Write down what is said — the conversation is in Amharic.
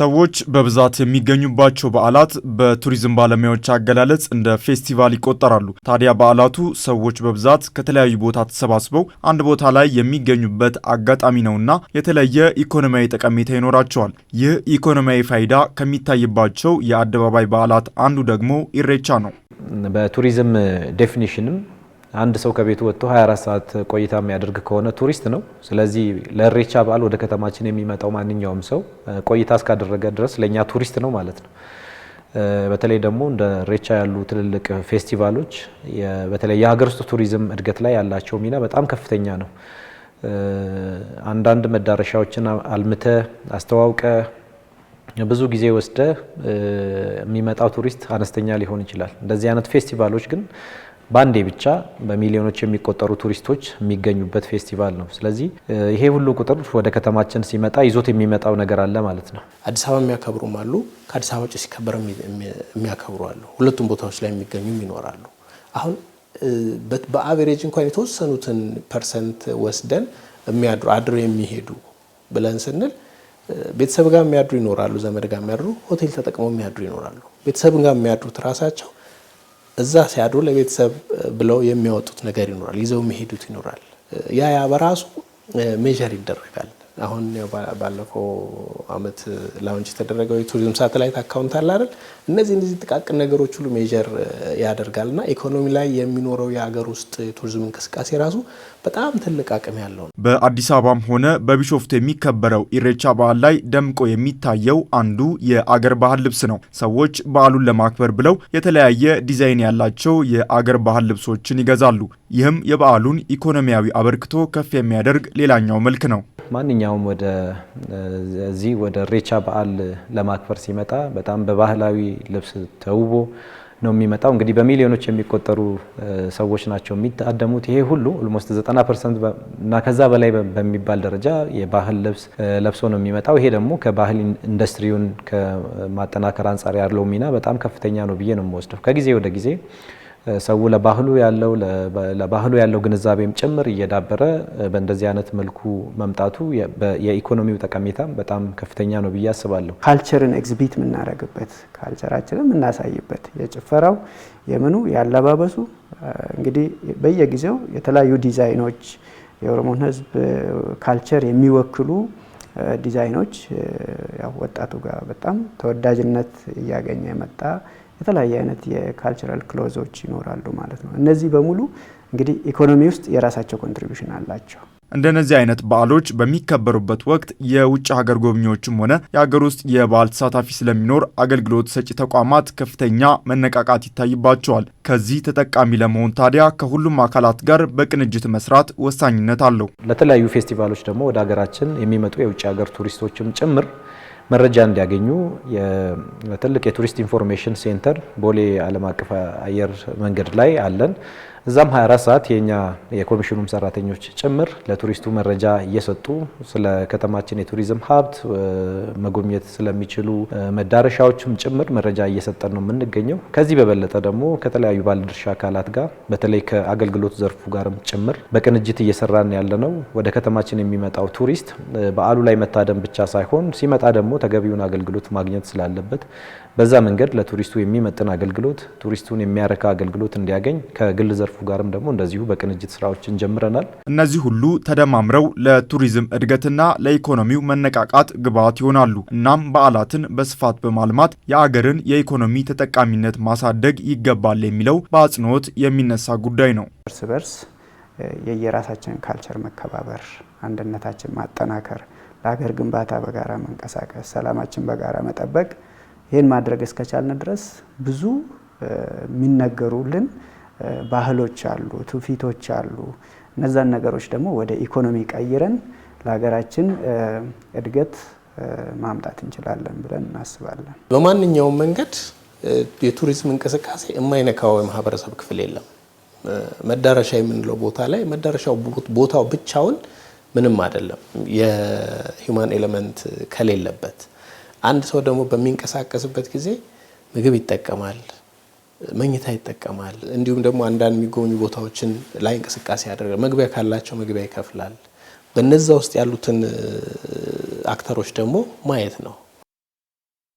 ሰዎች በብዛት የሚገኙባቸው በዓላት በቱሪዝም ባለሙያዎች አገላለጽ እንደ ፌስቲቫል ይቆጠራሉ። ታዲያ በዓላቱ ሰዎች በብዛት ከተለያዩ ቦታ ተሰባስበው አንድ ቦታ ላይ የሚገኙበት አጋጣሚ ነውና የተለየ ኢኮኖሚያዊ ጠቀሜታ ይኖራቸዋል። ይህ ኢኮኖሚያዊ ፋይዳ ከሚታይባቸው የአደባባይ በዓላት አንዱ ደግሞ ኢሬቻ ነው። በቱሪዝም ዴፊኒሽንም አንድ ሰው ከቤቱ ወጥቶ 24 ሰዓት ቆይታ የሚያደርግ ከሆነ ቱሪስት ነው። ስለዚህ ለኢሬቻ በዓል ወደ ከተማችን የሚመጣው ማንኛውም ሰው ቆይታ እስካደረገ ድረስ ለእኛ ቱሪስት ነው ማለት ነው። በተለይ ደግሞ እንደ ኢሬቻ ያሉ ትልልቅ ፌስቲቫሎች በተለይ የሀገር ውስጥ ቱሪዝም እድገት ላይ ያላቸው ሚና በጣም ከፍተኛ ነው። አንዳንድ መዳረሻዎችን አልምተ አስተዋውቀ ብዙ ጊዜ ወስደ የሚመጣው ቱሪስት አነስተኛ ሊሆን ይችላል። እንደዚህ አይነት ፌስቲቫሎች ግን በአንዴ ብቻ በሚሊዮኖች የሚቆጠሩ ቱሪስቶች የሚገኙበት ፌስቲቫል ነው። ስለዚህ ይሄ ሁሉ ቁጥር ወደ ከተማችን ሲመጣ ይዞት የሚመጣው ነገር አለ ማለት ነው። አዲስ አበባ የሚያከብሩም አሉ፣ ከአዲስ አበባ ውጭ ሲከበር የሚያከብሩ አሉ። ሁለቱም ቦታዎች ላይ የሚገኙም ይኖራሉ። አሁን በአቬሬጅ እንኳን የተወሰኑትን ፐርሰንት ወስደን የሚያድሩ አድሮ የሚሄዱ ብለን ስንል ቤተሰብ ጋር የሚያድሩ ይኖራሉ፣ ዘመድ ጋር የሚያድሩ ሆቴል ተጠቅመው የሚያድሩ ይኖራሉ። ቤተሰብ ጋር የሚያድሩት ራሳቸው እዛ ሲያድሩ ለቤተሰብ ብለው የሚያወጡት ነገር ይኖራል፣ ይዘው የሚሄዱት ይኖራል። ያ ያ በራሱ ሜዥር ይደረጋል። አሁን ባለፈው አመት ላውንች የተደረገው የቱሪዝም ሳተላይት አካውንት አለ አይደል? እነዚህ እነዚህ ጥቃቅን ነገሮች ሁሉ ሜጀር ያደርጋል እና ኢኮኖሚ ላይ የሚኖረው የሀገር ውስጥ የቱሪዝም እንቅስቃሴ ራሱ በጣም ትልቅ አቅም ያለው ነው። በአዲስ አበባም ሆነ በቢሾፍቱ የሚከበረው ኢሬቻ በዓል ላይ ደምቆ የሚታየው አንዱ የአገር ባህል ልብስ ነው። ሰዎች በዓሉን ለማክበር ብለው የተለያየ ዲዛይን ያላቸው የአገር ባህል ልብሶችን ይገዛሉ። ይህም የበዓሉን ኢኮኖሚያዊ አበርክቶ ከፍ የሚያደርግ ሌላኛው መልክ ነው። ማንኛውም ወደዚህ ወደ ሬቻ በዓል ለማክበር ሲመጣ በጣም በባህላዊ ልብስ ተውቦ ነው የሚመጣው። እንግዲህ በሚሊዮኖች የሚቆጠሩ ሰዎች ናቸው የሚታደሙት። ይሄ ሁሉ ኦልሞስት 90 ፐርሰንት እና ከዛ በላይ በሚባል ደረጃ የባህል ልብስ ለብሶ ነው የሚመጣው። ይሄ ደግሞ ከባህል ኢንዱስትሪውን ከማጠናከር አንጻር ያለው ሚና በጣም ከፍተኛ ነው ብዬ ነው የምወስደው ከጊዜ ወደ ጊዜ ሰው ለባህሉ ያለው ለባህሉ ያለው ግንዛቤም ጭምር እየዳበረ በእንደዚህ አይነት መልኩ መምጣቱ የኢኮኖሚው ጠቀሜታም በጣም ከፍተኛ ነው ብዬ አስባለሁ። ካልቸርን ኤግዚቢት የምናደርግበት ካልቸራችንን የምናሳይበት የጭፈራው፣ የምኑ፣ ያለባበሱ እንግዲህ በየጊዜው የተለያዩ ዲዛይኖች የኦሮሞን ሕዝብ ካልቸር የሚወክሉ ዲዛይኖች ያው ወጣቱ ጋር በጣም ተወዳጅነት እያገኘ የመጣ የተለያየ አይነት የካልቸራል ክሎዞች ይኖራሉ ማለት ነው። እነዚህ በሙሉ እንግዲህ ኢኮኖሚ ውስጥ የራሳቸው ኮንትሪቢሽን አላቸው። እንደነዚህ አይነት በዓሎች በሚከበሩበት ወቅት የውጭ ሀገር ጎብኚዎችም ሆነ የሀገር ውስጥ የበዓል ተሳታፊ ስለሚኖር አገልግሎት ሰጪ ተቋማት ከፍተኛ መነቃቃት ይታይባቸዋል። ከዚህ ተጠቃሚ ለመሆን ታዲያ ከሁሉም አካላት ጋር በቅንጅት መስራት ወሳኝነት አለው። ለተለያዩ ፌስቲቫሎች ደግሞ ወደ ሀገራችን የሚመጡ የውጭ ሀገር ቱሪስቶችም ጭምር መረጃ እንዲያገኙ ትልቅ የቱሪስት ኢንፎርሜሽን ሴንተር ቦሌ ዓለም አቀፍ አየር መንገድ ላይ አለን። እዛም 24 ሰዓት የኛ የኮሚሽኑም ሰራተኞች ጭምር ለቱሪስቱ መረጃ እየሰጡ ስለ ከተማችን የቱሪዝም ሀብት መጎብኘት ስለሚችሉ መዳረሻዎችም ጭምር መረጃ እየሰጠን ነው የምንገኘው። ከዚህ በበለጠ ደግሞ ከተለያዩ ባለድርሻ አካላት ጋር በተለይ ከአገልግሎት ዘርፉ ጋርም ጭምር በቅንጅት እየሰራን ያለ ነው። ወደ ከተማችን የሚመጣው ቱሪስት በዓሉ ላይ መታደም ብቻ ሳይሆን ሲመጣ ደግሞ ተገቢውን አገልግሎት ማግኘት ስላለበት በዛ መንገድ ለቱሪስቱ የሚመጥን አገልግሎት ቱሪስቱን የሚያረካ አገልግሎት እንዲያገኝ ከግል ዘርፉ ዘርፉ ጋርም ደግሞ እንደዚሁ በቅንጅት ስራዎችን ጀምረናል። እነዚህ ሁሉ ተደማምረው ለቱሪዝም እድገትና ለኢኮኖሚው መነቃቃት ግብዓት ይሆናሉ። እናም በዓላትን በስፋት በማልማት የአገርን የኢኮኖሚ ተጠቃሚነት ማሳደግ ይገባል የሚለው በአጽንኦት የሚነሳ ጉዳይ ነው። እርስ በርስ የየራሳችንን ካልቸር መከባበር፣ አንድነታችን ማጠናከር፣ ለሀገር ግንባታ በጋራ መንቀሳቀስ፣ ሰላማችን በጋራ መጠበቅ ይህን ማድረግ እስከቻልን ድረስ ብዙ የሚነገሩልን ባህሎች አሉ፣ ትውፊቶች አሉ። እነዛን ነገሮች ደግሞ ወደ ኢኮኖሚ ቀይረን ለሀገራችን እድገት ማምጣት እንችላለን ብለን እናስባለን። በማንኛውም መንገድ የቱሪዝም እንቅስቃሴ የማይነካው የማህበረሰብ ክፍል የለም። መዳረሻ የምንለው ቦታ ላይ መዳረሻው ቦታው ብቻውን ምንም አይደለም፣ የሂውማን ኤሌመንት ከሌለበት። አንድ ሰው ደግሞ በሚንቀሳቀስበት ጊዜ ምግብ ይጠቀማል መኝታ ይጠቀማል። እንዲሁም ደግሞ አንዳንድ የሚጎበኙ ቦታዎችን ላይ እንቅስቃሴ ያደርጋል። መግቢያ ካላቸው መግቢያ ይከፍላል። በነዛ ውስጥ ያሉትን አክተሮች ደግሞ ማየት ነው።